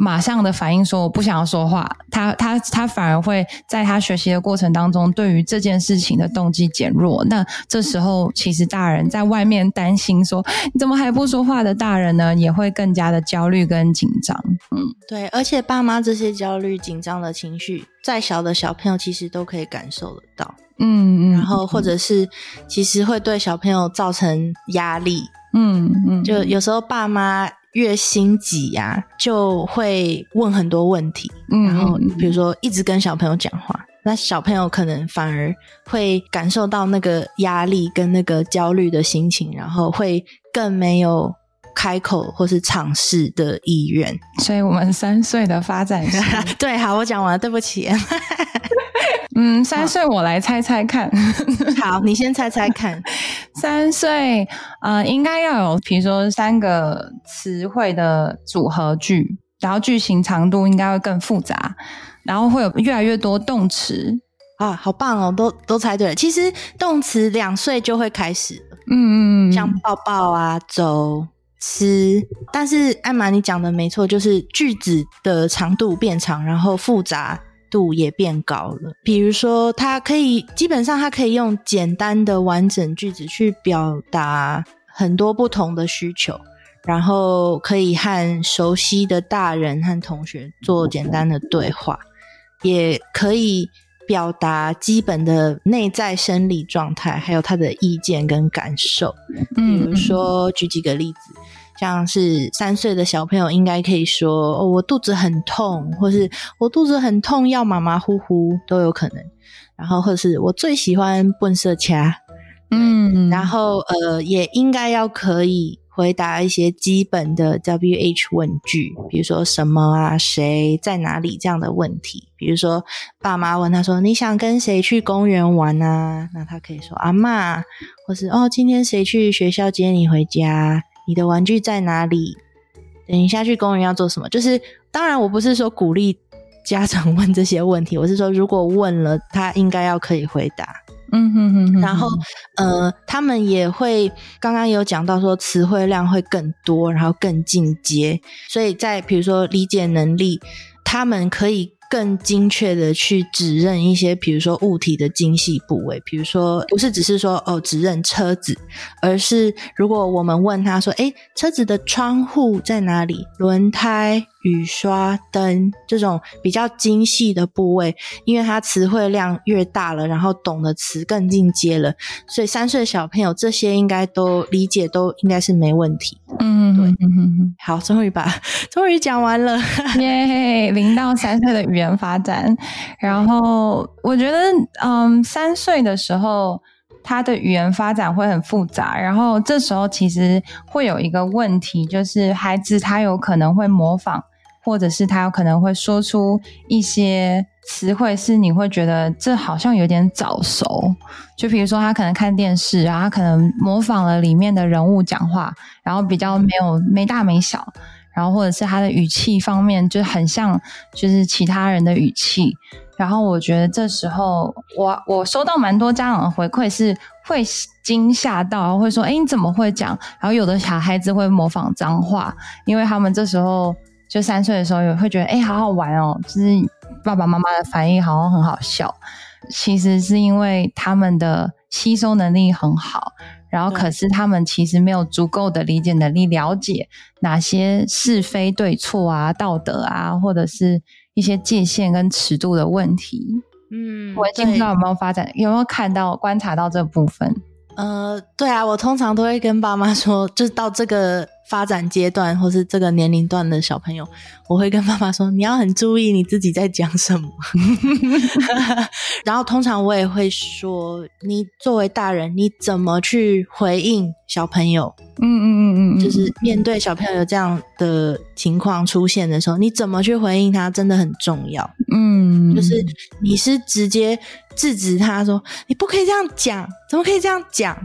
馬上的反應說，我不想要說話，他他他反而會在他學習的過程當中，對於這件事情的動機減弱。那這時候其實大人在外面擔心說你怎麼還不說話的大人呢，也會更加的焦慮跟緊張。嗯，對，而且爸媽這些焦慮緊張的情緒，再小的小朋友其實都可以感受得到。嗯，然後或者是其實會對小朋友造成壓力。嗯嗯，就有時候爸媽。越心急呀、啊，就會問很多問題，嗯嗯嗯，然後比如說一直跟小朋友講話，那小朋友可能反而會感受到那個壓力跟那個焦慮的心情，然後會更沒有，開口或是嘗試的意願，所以我們三歲的發展是， [LAUGHS] 對，好，我講完了，對不起。 [LAUGHS] 嗯，三歲我來猜猜看， [LAUGHS] 好，你先猜猜看。 [LAUGHS] 三歲，呃，應該要有，比如說三個詞彙的組合句，然後句型長度應該會更複雜，然後會有越來越多動詞啊，好棒哦，都都猜對了。其實動詞兩歲就會開始，嗯嗯嗯，像抱抱啊，走。是，但是艾瑪，你講的沒錯，就是句子的長度變長，然後複雜度也變高了。比如說，他可以基本上，他可以用簡單的完整句子去表達很多不同的需求，然後可以和熟悉的大人和同學做簡單的對話，也可以。表達基本的內在生理狀態，還有他的意見跟感受。嗯，比如說嗯嗯舉幾個例子，像是三歲的小朋友應該可以說：“哦，我肚子很痛，或是我肚子很痛要媽媽呼呼都有可能。”然後或者是“我最喜歡蹦色卡。”嗯，嗯，然後呃也應該要可以。回答一些基本的 WH 問句，比如說什麼啊，誰在哪裡這樣的問題。比如說，爸媽問他說：“你想跟誰去公園玩啊？”那他可以說：“阿嬤。”或是“哦，今天誰去學校接你回家？你的玩具在哪裡？等一下去公園要做什麼？”就是，當然，我不是說鼓勵家長問這些問題，我是說，如果問了，他應該要可以回答。嗯哼哼哼，然後呃，他們也會剛剛有講到說詞彙量會更多，然後更進階，所以在比如說理解能力，他們可以更精確的去指認一些，比如說物體的精細部位，比如說不是只是說，哦，指認車子，而是如果我們問他說，誒，車子的窗戶在哪裡？輪胎、雨刷燈這種比較精細的部位，因為它詞彙量越大了，然後懂的詞更進階了，所以三歲小朋友這些應該都理解，都應該是沒問題。嗯，對，嗯、好，終於把終於講完了。耶，零到三歲的語言發展， [LAUGHS] 然後我覺得，嗯，三歲的時候他的語言發展會很複雜，然後這時候其實會有一個問題，就是孩子他有可能會模仿。或者是他有可能會說出一些詞彙，是你會覺得這好像有點早熟。就比如說，他可能看電視，然後他可能模仿了裡面的人物講話，然後比較沒有沒大沒小，然後或者是他的語氣方面就很像就是其他人的語氣。然後我覺得這時候我，我我收到蠻多家長的回饋是會驚嚇到，會說：“哎、欸，你怎麼會講？”然後有的小孩子會模仿髒話，因為他們這時候。就三歲的時候也會覺得哎、欸，好好玩哦、喔！就是爸爸媽媽的反應好像很好笑，其實是因為他們的吸收能力很好，然後可是他們其實沒有足夠的理解能力，了解哪些是非對錯啊、道德啊，或者是一些界限跟尺度的問題。嗯，我也不知道有沒有發展，有沒有看到觀察到這部分。呃，對啊，我通常都會跟爸媽說，就到這個。發展階段或是這個年齡段的小朋友，我會跟爸爸說：“你要很注意你自己在講什麼。 [LAUGHS] ” [LAUGHS] 然後通常我也會說：“你作為大人，你怎麼去回應小朋友？”嗯嗯嗯嗯，就是面對小朋友有這樣的情況出現的時候，你怎麼去回應他，真的很重要。嗯，就是你是直接制止他說：“你不可以這樣講，怎麼可以這樣講？”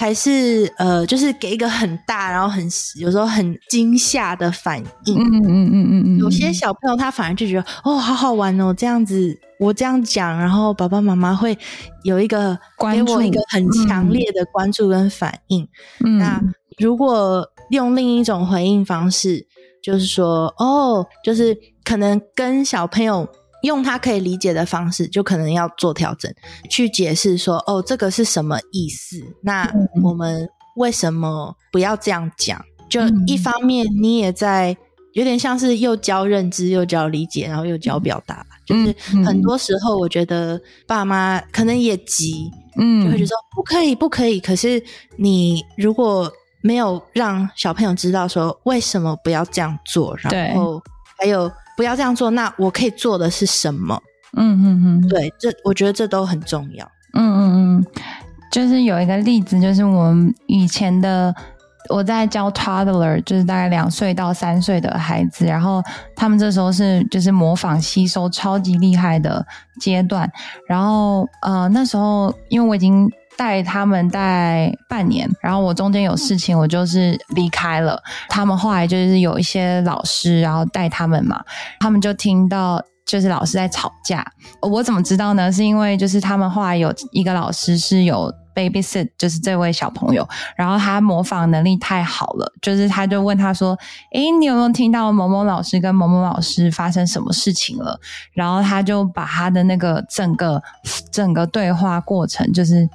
還是呃，就是給一個很大，然後很，有時候很驚嚇的反應。嗯嗯嗯嗯嗯。有些小朋友他反而就覺得，哦，好好玩哦，這樣子，我這樣講，然後爸爸媽媽會有一個，給我一個很強烈的關注跟反應。嗯。那如果用另一種回應方式，就是說，哦，就是可能跟小朋友。用他可以理解的方式，就可能要做調整，去解釋說：“哦，這個是什麼意思？”那我們為什麼不要這樣講？嗯，就一方面，你也在有點像是又教認知，又教理解，然後又教表達，嗯。就是很多時候，我覺得爸媽可能也急，嗯，就會覺得說：“不可以，不可以。”可是你如果沒有讓小朋友知道說為什麼不要這樣做，然後還有。不要這樣做，那我可以做的是什麼？嗯嗯嗯，對，這我覺得這都很重要。嗯嗯嗯，就是有一個例子，就是我們以前的我在教 toddler，就是大概兩歲到三歲的孩子，然後他們這時候是就是模仿吸收超級厲害的階段，然後呃，那時候因為我已經。帶他們帶半年，然後我中間有事情，我就是離開了。他們後來就是有一些老師，然後帶他們嘛，他們就聽到就是老師在吵架。我怎麼知道呢？是因為就是他們後來有一個老師是有。Babysit 就是這位小朋友，然後他模仿能力太好了，就是他就問他說：“誒、欸，你有沒有聽到某某老師跟某某老師發生什麼事情了？”然後他就把他的那個整個整個對話過程，就是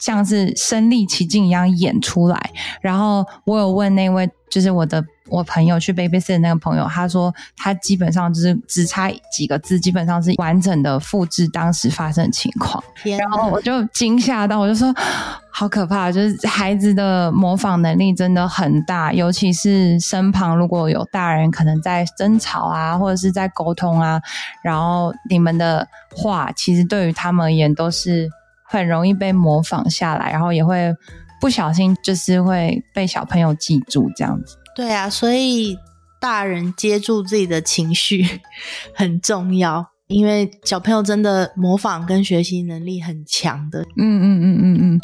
像是身臨其境一樣演出來。然後我有問那位，就是我的。我朋友去 babysit 的那個朋友，他說他基本上就是只差幾個字，基本上是完整的複製當時發生的情況。然後我就驚嚇到，我就說好可怕，就是孩子的模仿能力真的很大，尤其是身旁如果有大人，可能在爭吵啊，或者是在溝通啊，然後你們的話其實對於他們而言都是很容易被模仿下來，然後也會不小心就是會被小朋友記住這樣子。對啊，所以大人接住自己的情緒很重要，因為小朋友真的模仿跟學習能力很強的。嗯嗯嗯嗯嗯，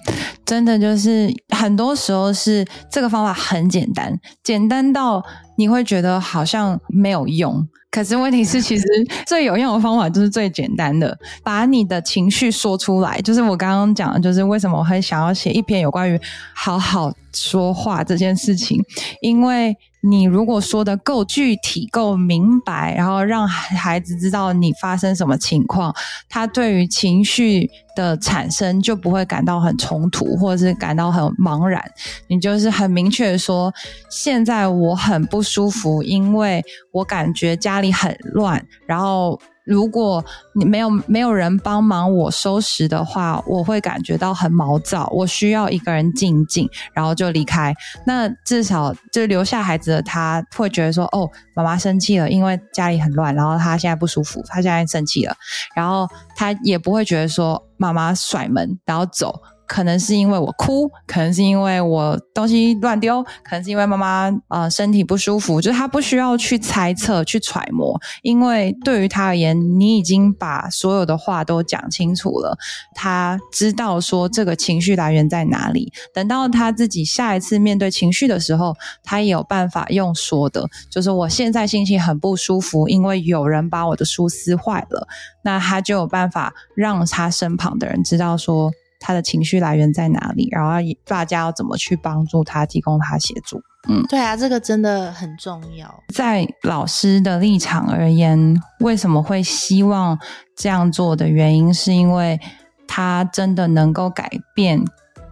真的就是很多時候是這個方法很簡單，簡單到。你會覺得好像沒有用，可是問題是，其實最有用的方法就是最簡單的，把你的情緒說出來。就是我剛剛講的，就是為什麼我很想要寫一篇有關於好好說話這件事情，因為。你如果說得夠具體、夠明白，然後讓孩子知道你發生什麼情況，他對於情緒的產生就不會感到很衝突，或者是感到很茫然。你就是很明確的說，現在我很不舒服，因為我感覺家裡很亂，然後。如果你沒有沒有人幫忙我收拾的話，我會感覺到很毛躁，我需要一個人靜一靜，然後就離開。那至少就留下孩子的，他會覺得說：“哦，媽媽生氣了，因為家裡很亂。”然後他現在不舒服，他現在生氣了，然後他也不會覺得說媽媽甩門然後走。可能是因為我哭，可能是因為我東西亂丟，可能是因為媽媽，呃，身體不舒服。就是他不需要去猜測、去揣摩，因為對於他而言，你已經把所有的話都講清楚了。他知道說這個情緒來源在哪裡。等到他自己下一次面對情緒的時候，他也有辦法用說的，就是我現在心情很不舒服，因為有人把我的書撕壞了。那他就有辦法讓他身旁的人知道說。他的情緒來源在哪裡？然後大家要怎麼去幫助他、提供他協助。嗯，對啊，這個真的很重要。在老師的立場而言，為什麼會希望這樣做的原因是因為他真的能夠改變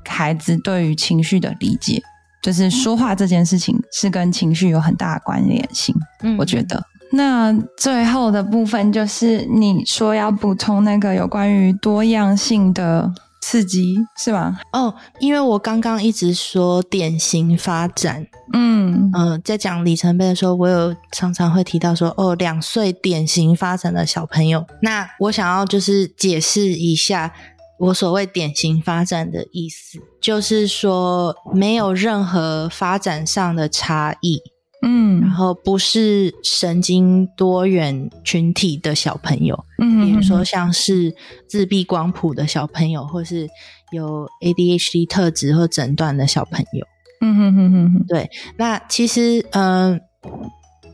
孩子對於情緒的理解。就是說話這件事情是跟情緒有很大的關聯性。嗯，我覺得。那最後的部分就是你說要補充那個有關於多樣性的。刺激，是嗎？哦，oh，因為我剛剛一直說典型發展，嗯，呃，在講里程碑的時候，我有常常會提到說，哦，兩歲典型發展的小朋友，那我想要就是解釋一下我所謂典型發展的意思，就是說沒有任何發展上的差異。嗯，然後不是神經多元群體的小朋友，嗯哼哼，比如說像是自閉光譜的小朋友，或是有 ADHD 特質或診斷的小朋友，嗯哼哼哼哼，對，那其實嗯、呃、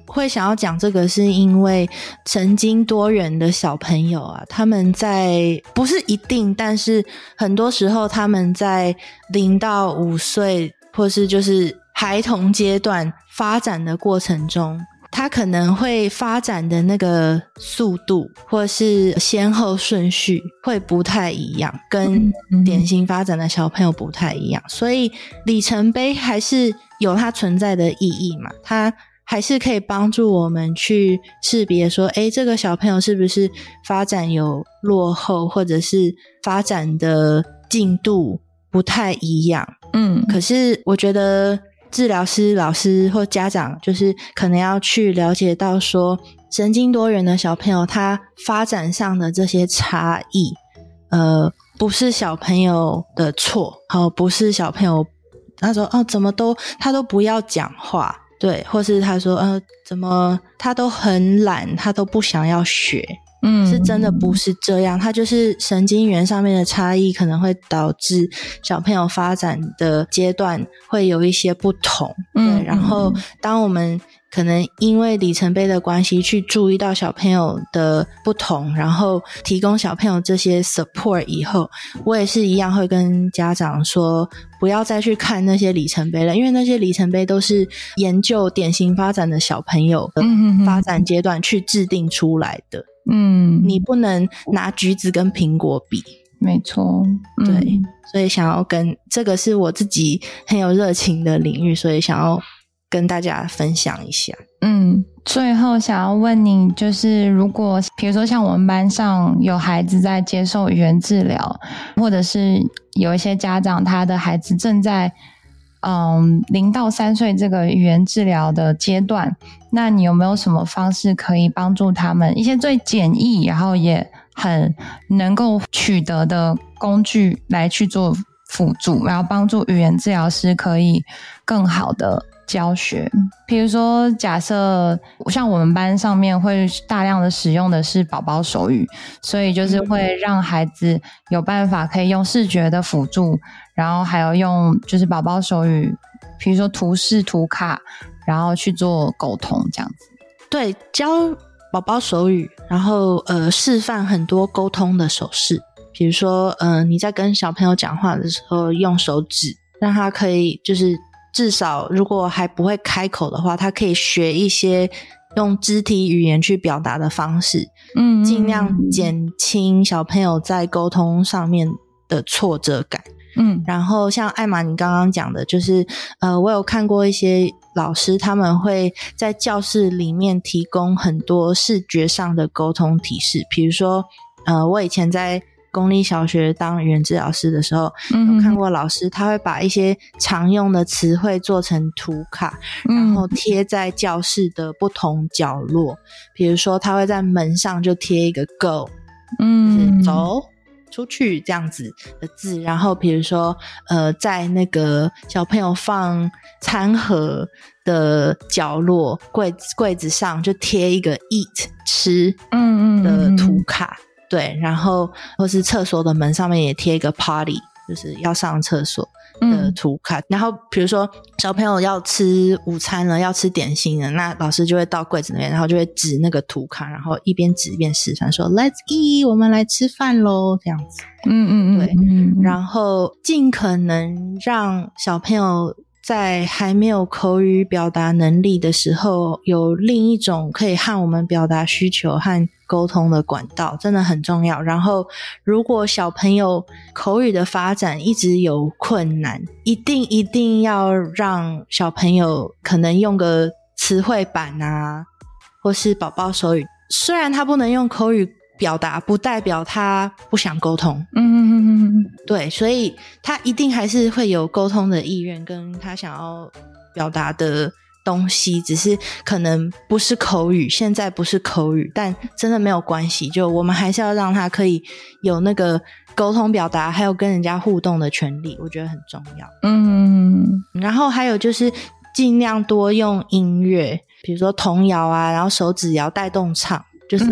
會想要講這個是因為神經多元的小朋友啊，他們在不是一定，但是很多時候他們在零到五歲，或是就是。孩童階段發展的過程中，他可能會發展的那個速度，或是先後順序會不太一樣，跟典型發展的小朋友不太一樣。嗯嗯。所以里程碑還是有它存在的意義嘛，它還是可以幫助我們去識別說，哎、欸，這個小朋友是不是發展有落後，或者是發展的進度不太一樣？嗯，嗯，可是我覺得。治療師、老師或家長，就是可能要去了解到說，神經多元的小朋友他發展上的這些差異，呃，不是小朋友的錯，哦，不是小朋友，他說哦，怎麼都他都不要講話，對，或是他說呃，怎麼他都很懶，他都不想要學。嗯，是真的不是這樣，它就是神經元上面的差異，可能會導致小朋友發展的階段會有一些不同。對，然後當我們可能因為里程碑的關係去注意到小朋友的不同，然後提供小朋友這些 support 以後，我也是一樣會跟家長說不要再去看那些里程碑了，因為那些里程碑都是研究典型發展的小朋友的發展階段去制定出來的。嗯，你不能拿橘子跟蘋果比，沒錯、嗯。對，所以想要跟這個是我自己很有熱情的領域，所以想要跟大家分享一下。嗯，最後想要問你，就是如果比如說像我們班上有孩子在接受語言治療，或者是有一些家長他的孩子正在。嗯，零到三歲這個語言治療的階段，那你有沒有什麼方式可以幫助他們，一些最簡易，然後也很能夠取得的工具來去做輔助，然後幫助語言治療師可以更好的教學，譬如說，假設像我們班上面會大量的使用的是寶寶手語，所以就是會讓孩子有辦法可以用視覺的輔助，然後還有用就是寶寶手語，比如說圖示圖卡，然後去做溝通這樣子。對，教寶寶手語，然後呃示範很多溝通的手勢，比如說，嗯、呃，你在跟小朋友講話的時候用手指，讓他可以就是。至少，如果還不會開口的話，他可以學一些用肢體語言去表達的方式。嗯，盡量減輕小朋友在溝通上面的挫折感。嗯，然後像艾瑪你剛剛講的，就是，呃，我有看過一些老師，他們會在教室裡面提供很多視覺上的溝通提示，比如說，呃，我以前在。公立小學當語言治療師的時候，有看過老師，他會把一些常用的詞彙做成圖卡，然後貼在教室的不同角落。比如說，他會在門上就貼一個 "go"，嗯，走出去這樣子的字。然後，比如說，呃，在那個小朋友放餐盒的角落櫃子櫃子上，就貼一個 "eat" 吃，嗯嗯的圖卡。對，然後或是廁所的門上面也貼一個 party，就是要上廁所的圖卡。嗯、然後比如說小朋友要吃午餐了，要吃點心了，那老師就會到櫃子那邊，然後就會指那個圖卡，然後一邊指一邊示範說：“Let's eat，我們來吃飯嘍。”這樣子。嗯嗯嗯對，對、嗯嗯嗯。然後盡可能讓小朋友在還沒有口語表達能力的時候，有另一種可以和我們表達需求和。溝通的管道真的很重要。然後，如果小朋友口語的發展一直有困難，一定一定要讓小朋友可能用個詞彙板啊，或是寶寶手語。雖然他不能用口語表達，不代表他不想溝通。嗯哼哼哼哼，對，所以他一定還是會有溝通的意願，跟他想要表達的東西只是可能不是口語，現在不是口語，但真的沒有關係。就我們還是要讓他可以有那個溝通表達，還有跟人家互動的權利，我覺得很重要。嗯，然後還有就是盡量多用音樂，比如說童謠啊，然後手指謠、帶動唱，就是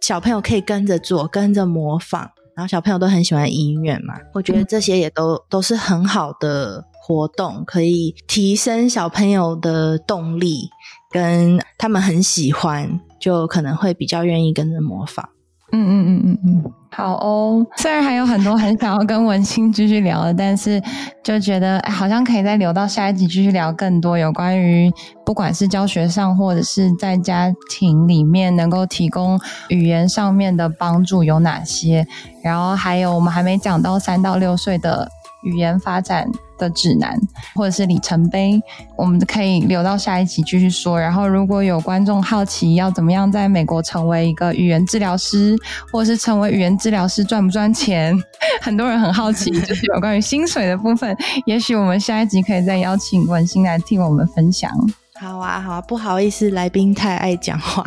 小朋友可以跟着做，跟着模仿。然後小朋友都很喜歡音樂嘛，我覺得這些也都、嗯、都是很好的。活動可以提升小朋友的動力，跟他們很喜歡，就可能會比較願意跟着模仿。嗯嗯嗯嗯嗯，好哦。雖然還有很多很想要跟文馨繼續聊的， [LAUGHS] 但是就覺得、哎、好像可以再留到下一集繼續聊更多有關於不管是教學上或者是在家庭裡面能夠提供語言上面的幫助有哪些，然後還有我們還沒講到三到六歲的。語言發展的指南，或者是里程碑，我們可以留到下一集繼續說。然後，如果有觀眾好奇要怎麼樣在美國成為一個語言治療師，或者是成為語言治療師賺不賺錢，很多人很好奇，就是有關於薪水的部分。 [LAUGHS] 也許我們下一集可以再邀請文馨來替我們分享。好啊，好啊，不好意思，來賓太愛講話，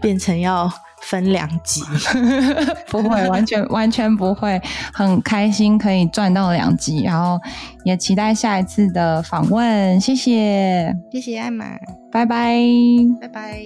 變成要分兩集，不會，完全完全不會，很開心可以賺到兩集，然後也期待下一次的訪問，謝謝，謝謝艾瑪，拜拜，拜拜。